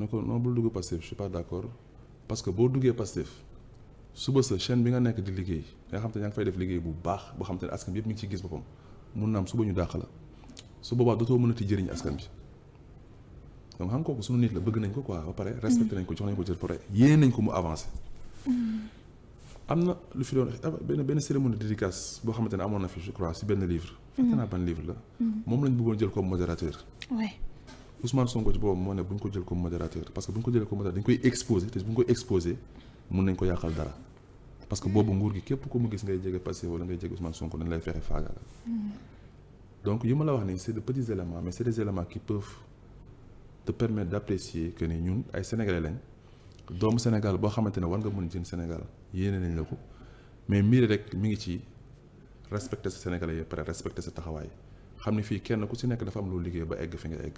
je ne ko non je suis pas d'accord. parce que bo Pastef suba sa chaîne bi nga nek di liggéey nga xam tane nga fay def liggéey bu baax bo xam tane askan bi vous mi ngi gis vous mun na suba ñu doto ti jëriñ askan donc vous ko suñu nit la bëgg nañ ko quoi ba vous respecté nañ ko jox nañ ko jël vous nañ ko mu avancer Vous mm-hmm. lu fi doon ben ben cérémonie dédicace ne na fi je crois livre. Mm-hmm. fekk ban livre la. Mm-hmm. lañ jël comme modérateur. Ousmane Sonko ci boobu moo ne buñ ko jël comme modérateur parce que buñ ko jël comme modérateur dañ koy exposer té buñ ko exposer mën nañ ko yakal dara parce que bobu nguur gi képp ko mu gis ngay jege passé wala ngay jege Ousmane Sonko dañ lay fexe faagaagal. Mm-hmm. donc yi la wax ni c'est de petits éléments mais c'est des éléments qui peuvent te permettre d'apprécier que ni ñun ay sénégalais lañ doomu Sénégal bo xamante war nga mën jëm Sénégal yéene nañ la ko mais mbir rek mi ngi ci respecter sa sénégalais yi pare respecter sa taxawaay xam ne fii kenn ku ci nekk dafa am loo liggéey ba egg fi nga egg.